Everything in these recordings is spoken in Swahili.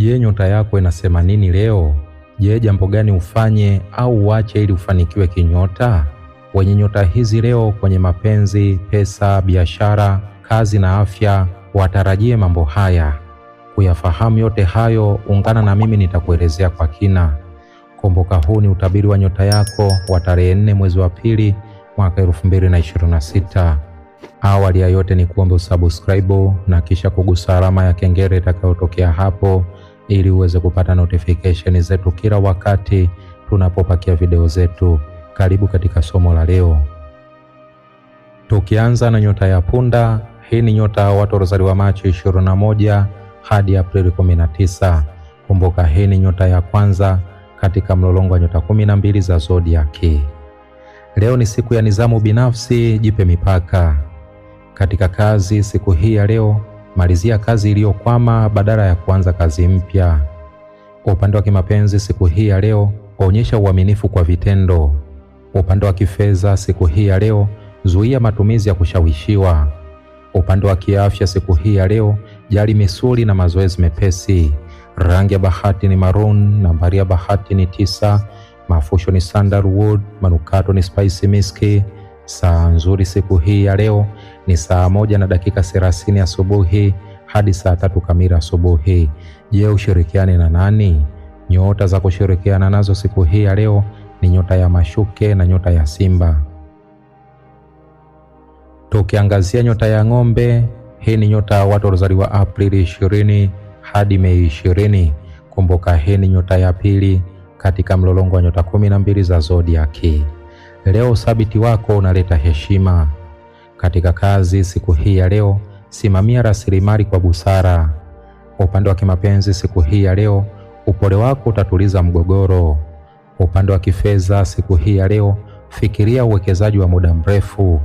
Je, nyota yako inasema nini leo? Je, jambo gani ufanye au uache ili ufanikiwe kinyota? Wenye nyota hizi leo kwenye mapenzi, pesa, biashara, kazi na afya watarajie mambo haya. Kuyafahamu yote hayo, ungana na mimi nitakuelezea kwa kina. Kumbuka, huu ni utabiri wa nyota yako wa tarehe nne mwezi wa pili mwaka sita. Awali ya yote ni kuombe usubscribe na kisha kugusa alama ya kengele itakayotokea hapo ili uweze kupata notification zetu kila wakati tunapopakia video zetu. Karibu katika somo la leo, tukianza na nyota ya punda. Hii ni nyota ya watu waliozaliwa Machi 21 hadi Aprili 19. Kumbuka, hii ni nyota ya kwanza katika mlolongo wa nyota 12 za zodiaki. Leo ni siku ya nizamu binafsi, jipe mipaka katika kazi siku hii ya leo kumalizia kazi iliyokwama badala ya kuanza kazi mpya. Upande wa kimapenzi siku hii ya leo, onyesha uaminifu kwa vitendo. Upande wa kifedha siku hii ya leo, zuia matumizi ya kushawishiwa. Upande wa kiafya siku hii ya leo, jali misuli na mazoezi mepesi. Rangi ya bahati ni maroon, nambari ya bahati ni tisa, mafusho ni sandalwood, manukato ni spicy miski. Saa nzuri siku hii ya leo ni saa moja na dakika thelathini asubuhi hadi saa tatu kamili asubuhi. Je, ushirikiane na nani? Nyota za kushirikiana nazo siku hii ya leo ni nyota ya mashuke na nyota ya simba. Tukiangazia nyota ya ng'ombe, hii ni nyota ya watu waliozaliwa Aprili ishirini hadi Mei ishirini. Kumbuka, hii ni nyota ya pili katika mlolongo wa nyota kumi na mbili za zodiaki. Leo uthabiti wako unaleta heshima. Katika kazi siku hii ya leo, simamia rasilimali kwa busara. Upande wa kimapenzi siku hii ya leo, upole wako utatuliza mgogoro. Upande wa kifedha siku hii ya leo, fikiria uwekezaji wa muda mrefu.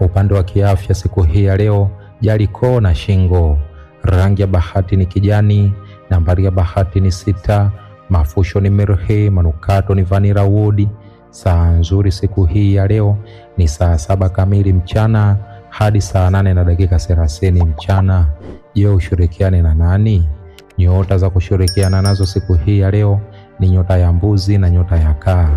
Upande wa kiafya siku hii ya leo, jali koo na shingo. Rangi ya bahati ni kijani. Nambari ya bahati ni sita. Mafusho ni mirhi. Manukato ni vanira wudi. Saa nzuri siku hii ya leo ni saa saba kamili mchana hadi saa nane na dakika thelathini mchana. Je, ushirikiane na nani? Nyota za kushirikiana nazo siku hii ya leo ni nyota ya mbuzi na nyota ya kaa.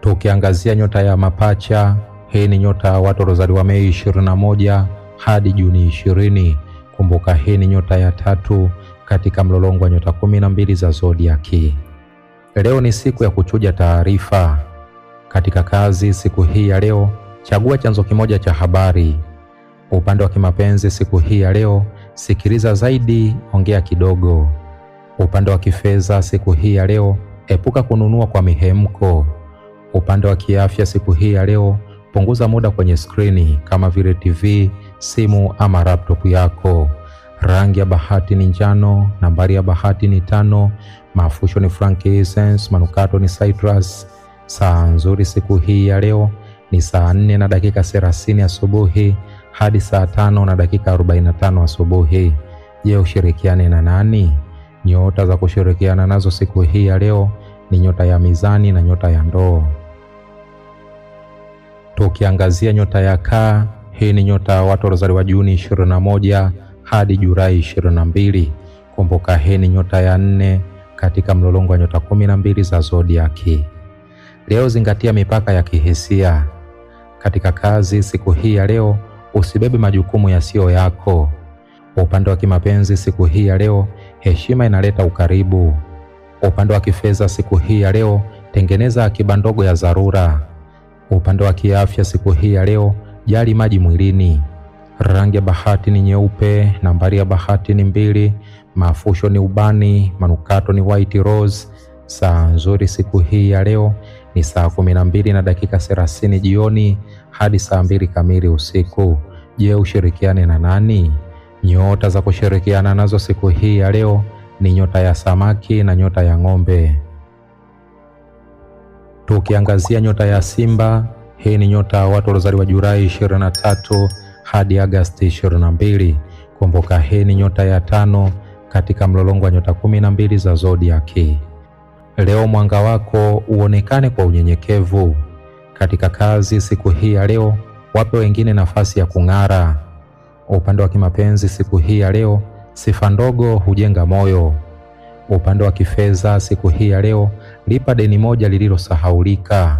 Tukiangazia nyota ya mapacha, hii ni nyota ya watu waliozaliwa Mei moja hadi Juni ishirini Kumbuka, hii ni nyota ya tatu katika mlolongo wa nyota kumi na mbili za zodiaki. Leo ni siku ya kuchuja taarifa. Katika kazi, siku hii ya leo, chagua chanzo kimoja cha habari. Upande wa kimapenzi, siku hii ya leo, sikiliza zaidi, ongea kidogo. Upande wa kifedha, siku hii ya leo, epuka kununua kwa mihemko. Upande wa kiafya, siku hii ya leo, punguza muda kwenye skrini kama vile TV, simu ama laptop yako. Rangi ya bahati ni njano. Nambari ya bahati ni tano. Mafusho ni frankincense, manukato ni citrus. Saa nzuri siku hii ya leo ni saa nne na dakika thelathini asubuhi hadi saa tano na dakika 45 asubuhi. Je, ushirikiane na nani? Nyota za kushirikiana nazo siku hii ya leo ni nyota ya mizani na nyota ya ndoo. Tukiangazia nyota ya kaa, hii ni nyota ya watu waliozaliwa Juni 21 hadi Julai 22. Kumbuka, hii ni nyota ya nne katika mlolongo wa nyota kumi na mbili za zodiaki. Leo zingatia mipaka ya kihisia katika kazi. Siku hii ya leo usibebe majukumu yasiyo yako. Upande wa kimapenzi, siku hii ya leo heshima inaleta ukaribu. Upande wa kifedha, siku hii ya leo tengeneza akiba ndogo ya dharura. Upande wa kiafya, siku hii ya leo jali maji mwilini. Rangi ya bahati ni nyeupe. Nambari ya bahati ni mbili. Mafusho ni ubani, manukato ni white rose. Saa nzuri siku hii ya leo ni saa kumi na mbili na dakika thelathini jioni hadi saa mbili kamili usiku. Je, ushirikiane na nani? Nyota za kushirikiana nazo siku hii ya leo ni nyota ya samaki na nyota ya ng'ombe. Tukiangazia nyota ya Simba, hii ni nyota ya watu waliozaliwa Julai 23 hadi Agasti 22. Kumbuka, hii ni nyota ya tano katika mlolongo wa nyota kumi na mbili za zodiaki. Leo mwanga wako uonekane kwa unyenyekevu katika kazi. Siku hii ya leo, wape wengine nafasi ya kung'ara. Upande wa kimapenzi, siku hii ya leo, sifa ndogo hujenga moyo. Upande wa kifedha, siku hii ya leo, lipa deni moja lililosahaulika.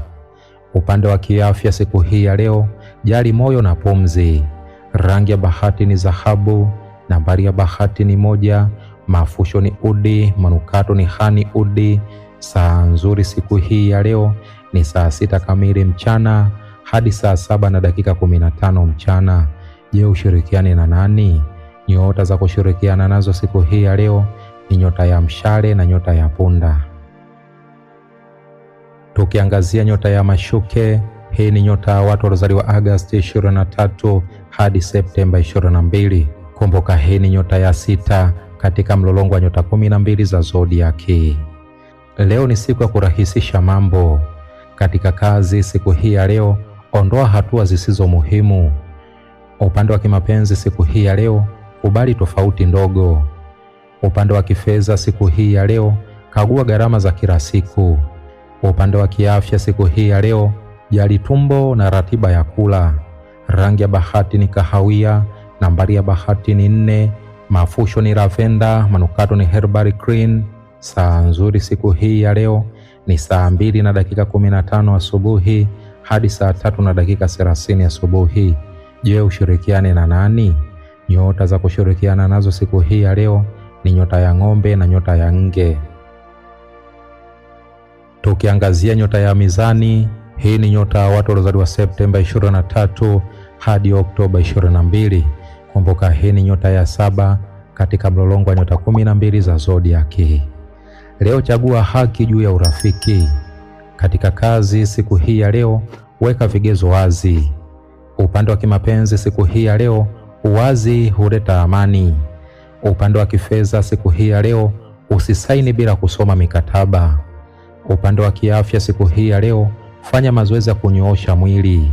Upande wa kiafya, siku hii ya leo, jali moyo na pumzi. Rangi ya bahati ni dhahabu. Nambari ya bahati ni moja. Mafusho ni udi, manukato ni hani udi. Saa nzuri siku hii ya leo ni saa sita kamili mchana hadi saa saba na dakika kumi na tano mchana. Je, ushirikiane na nani? Nyota za kushirikiana nazo siku hii ya leo ni nyota ya mshale na nyota ya punda. Tukiangazia nyota ya mashuke, hii ni nyota ya watu waliozaliwa Agasti 23 hadi Septemba 22. Kumbuka hii ni nyota ya sita katika mlolongo wa nyota kumi na mbili za zodiaki. Leo ni siku ya kurahisisha mambo katika kazi. Siku hii ya leo, ondoa hatua zisizo muhimu. Upande wa kimapenzi, siku hii ya leo, kubali tofauti ndogo. Upande wa kifedha, siku hii ya leo, kagua gharama za kila siku. Upande wa kiafya, siku hii ya leo, jali tumbo na ratiba ya kula. Rangi ya bahati ni kahawia. Nambari ya bahati ni nne. Mafusho ni lavenda, manukato ni herbal clean. Saa nzuri siku hii ya leo ni saa mbili na dakika kumi na tano asubuhi hadi saa tatu na dakika thelathini asubuhi. Je, ushirikiane na nani? Nyota za kushirikiana nazo siku hii ya leo ni nyota ya ng'ombe na nyota ya nge. Tukiangazia nyota ya mizani, hii ni nyota ya watu waliozaliwa Septemba 23 hadi Oktoba 22 kumbuka hii ni nyota ya saba katika mlolongo wa nyota kumi na mbili za zodiaki. Leo chagua haki juu ya urafiki. Katika kazi siku hii ya leo, weka vigezo wazi. Upande wa kimapenzi siku hii ya leo, uwazi huleta amani. Upande wa kifedha siku hii ya leo, usisaini bila kusoma mikataba. Upande wa kiafya siku hii ya leo, fanya mazoezi ya kunyoosha mwili.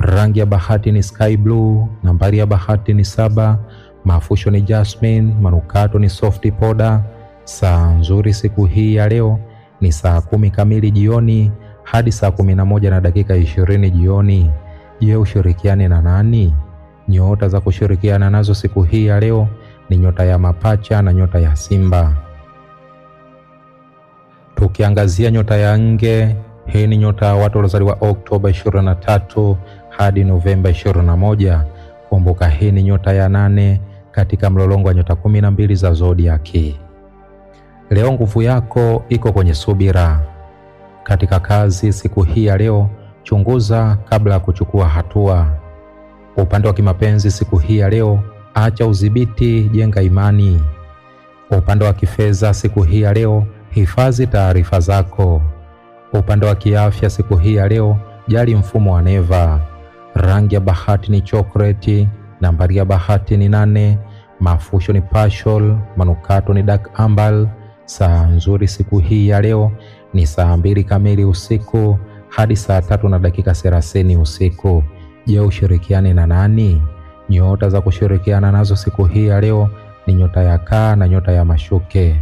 Rangi ya bahati ni sky blue. Nambari ya bahati ni saba. Mafusho ni jasmine. Manukato ni soft powder. Saa nzuri siku hii ya leo ni saa kumi kamili jioni hadi saa kumi na moja na dakika ishirini jioni. Je, ushirikiane na nani? Nyota za kushirikiana nazo siku hii ya leo ni nyota ya mapacha na nyota ya simba. Tukiangazia nyota ya nge, hii ni nyota ya watu waliozaliwa Oktoba 23 hadi Novemba 21 kumbuka, hii ni nyota ya nane katika mlolongo wa nyota 12 za zodiaki. Leo nguvu yako iko kwenye subira. Katika kazi siku hii ya leo, chunguza kabla ya kuchukua hatua. Upande wa kimapenzi siku hii ya leo, acha udhibiti, jenga imani. Upande wa kifedha siku hii ya leo, hifadhi taarifa zako. Upande wa kiafya siku hii ya leo, jali mfumo wa neva rangi ya bahati ni chokoleti, nambari ya bahati ni nane, mafusho ni pashol, manukato ni dark ambal. Saa nzuri siku hii ya leo ni saa mbili kamili usiku hadi saa tatu na dakika thelathini usiku. Je, ushirikiane na nani? Nyota za kushirikiana nazo siku hii ya leo ni nyota ya kaa na nyota ya mashuke.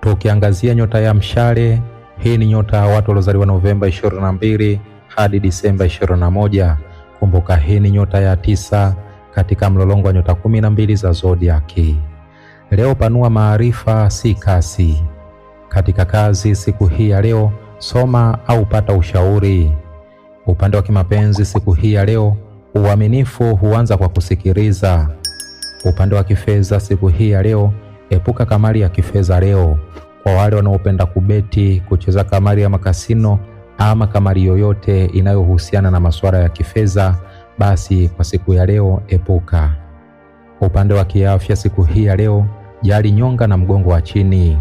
Tukiangazia nyota ya mshale, hii ni nyota ya watu waliozaliwa Novemba 22 hadi Disemba 21. Kumbuka hii ni nyota ya tisa katika mlolongo wa nyota kumi na mbili za zodiaki. Leo panua maarifa, si kasi. Katika kazi siku hii ya leo, soma au pata ushauri. Upande wa kimapenzi siku hii ya leo, uaminifu huanza kwa kusikiliza. Upande wa kifedha siku hii ya leo, epuka kamari ya kifedha leo. Kwa wale wanaopenda kubeti, kucheza kamari ya makasino ama kamari yoyote inayohusiana na masuala ya kifedha, basi kwa siku ya leo epuka. Upande wa kiafya siku hii ya leo, jali nyonga na mgongo wa chini.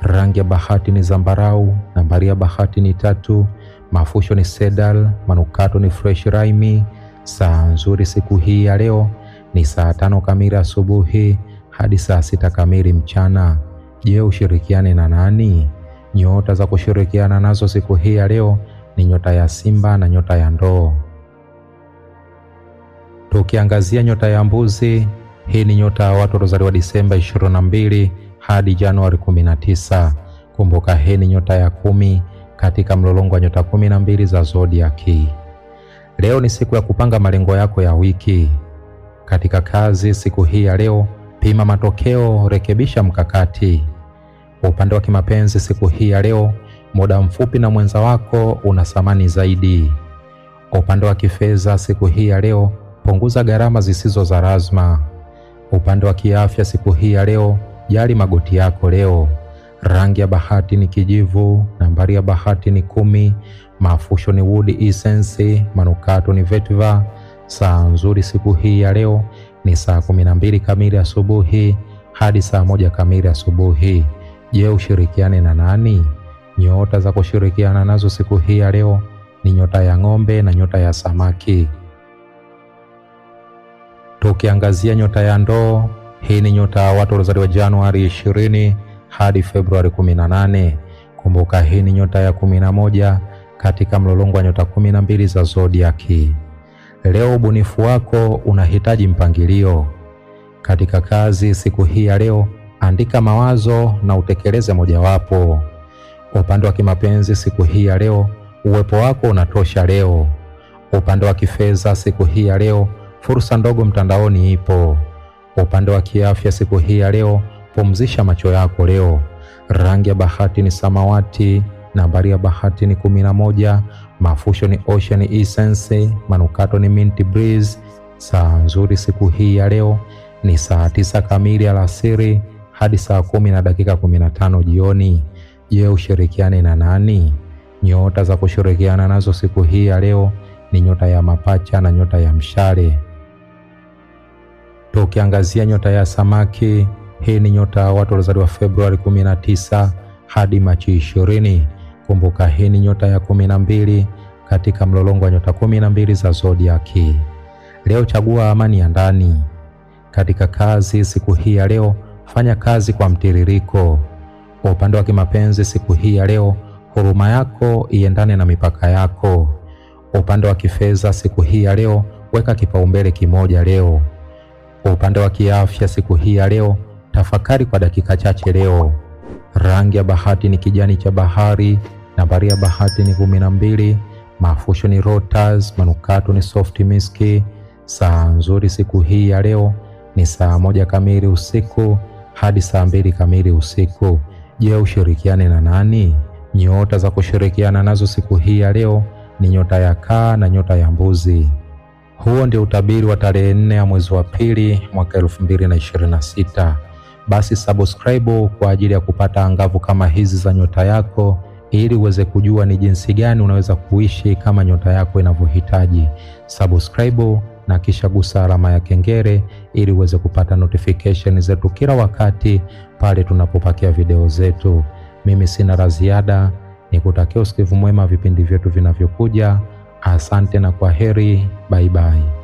Rangi ya bahati ni zambarau. Nambari ya bahati ni tatu. Mafusho ni sedal. Manukato ni fresh raimi. Saa nzuri siku hii ya leo ni saa tano kamili asubuhi hadi saa sita kamili mchana. Je, ushirikiane na nani? Nyota za kushirikiana nazo siku hii ya leo ni nyota ya Simba na nyota ya Ndoo. Tukiangazia nyota ya Mbuzi, hii ni nyota ya watu waliozaliwa Disemba 22 hadi Januari 19. Kumbuka, hii ni nyota ya kumi katika mlolongo wa nyota kumi na mbili za zodiaki. Leo ni siku ya kupanga malengo yako ya wiki. Katika kazi siku hii ya leo, pima matokeo, rekebisha mkakati. Kwa upande wa kimapenzi, siku hii ya leo, muda mfupi na mwenza wako una thamani zaidi. Kwa upande wa kifedha, siku hii ya leo, punguza gharama zisizo za lazima. Kwa upande wa kiafya, siku hii ya leo, jali magoti yako leo. Rangi ya bahati ni kijivu. Nambari ya bahati ni kumi. Mafusho ni wood essence. Manukato ni vetiver. Saa nzuri siku hii ya leo ni saa kumi na mbili kamili asubuhi hadi saa moja kamili asubuhi. Je, ushirikiane na nani? Nyota za kushirikiana nazo siku hii ya leo ni nyota ya ng'ombe na nyota ya samaki. Tukiangazia nyota ya ndoo, hii ni nyota ya watu waliozaliwa Januari 20 hadi Februari 18. Kumbuka hii ni nyota ya 11 katika mlolongo wa nyota 12 za zodiaki. Leo ubunifu wako unahitaji mpangilio katika kazi siku hii ya leo andika mawazo na utekeleze mojawapo. Kwa upande wa kimapenzi, siku hii ya leo, uwepo wako unatosha leo. Upande wa kifedha, siku hii ya leo, fursa ndogo mtandaoni ipo. Upande wa kiafya, siku hii ya leo, pumzisha macho yako leo. Rangi ya bahati ni samawati. Nambari ya bahati ni kumi na moja. Mafusho ni Ocean Essence. Manukato ni Mint Breeze. Saa nzuri siku hii ya leo ni saa tisa kamili alasiri hadi saa kumi na dakika kumi na tano jioni. Je, ushirikiane na nani? Nyota za kushirikiana nazo siku hii ya leo ni nyota ya mapacha na nyota ya mshale. Tukiangazia nyota ya samaki, hii ni nyota ya watu waliozaliwa Februari 19 hadi Machi 20. Kumbuka hii ni nyota ya 12 katika mlolongo wa nyota 12 za zodiaki. Leo chagua amani ya ndani katika kazi. Siku hii ya leo Fanya kazi kwa mtiririko. Kwa upande wa kimapenzi, siku hii ya leo, huruma yako iendane na mipaka yako. Kwa upande wa kifedha, siku hii ya leo, weka kipaumbele kimoja leo. Kwa upande wa kiafya, siku hii ya leo, tafakari kwa dakika chache leo. Rangi ya bahati ni kijani cha bahari. Nambari ya bahati ni kumi na mbili. Mafusho ni rotas, manukato ni soft miski. Saa nzuri siku hii ya leo ni saa moja kamili usiku hadi saa mbili kamili usiku. Je, ushirikiane na nani? Nyota za kushirikiana nazo siku hii ya leo ni nyota ya kaa na nyota ya mbuzi. Huo ndio utabiri wa tarehe nne ya mwezi wa pili mwaka 2026. Basi subscribe kwa ajili ya kupata angavu kama hizi za nyota yako ili uweze kujua ni jinsi gani unaweza kuishi kama nyota yako inavyohitaji. Subscribe na kisha gusa alama ya kengele ili uweze kupata notification zetu kila wakati pale tunapopakia video zetu. Mimi sina la ziada, nikutakia usikivu mwema vipindi vyetu vinavyokuja. Asante na kwa heri, baibai.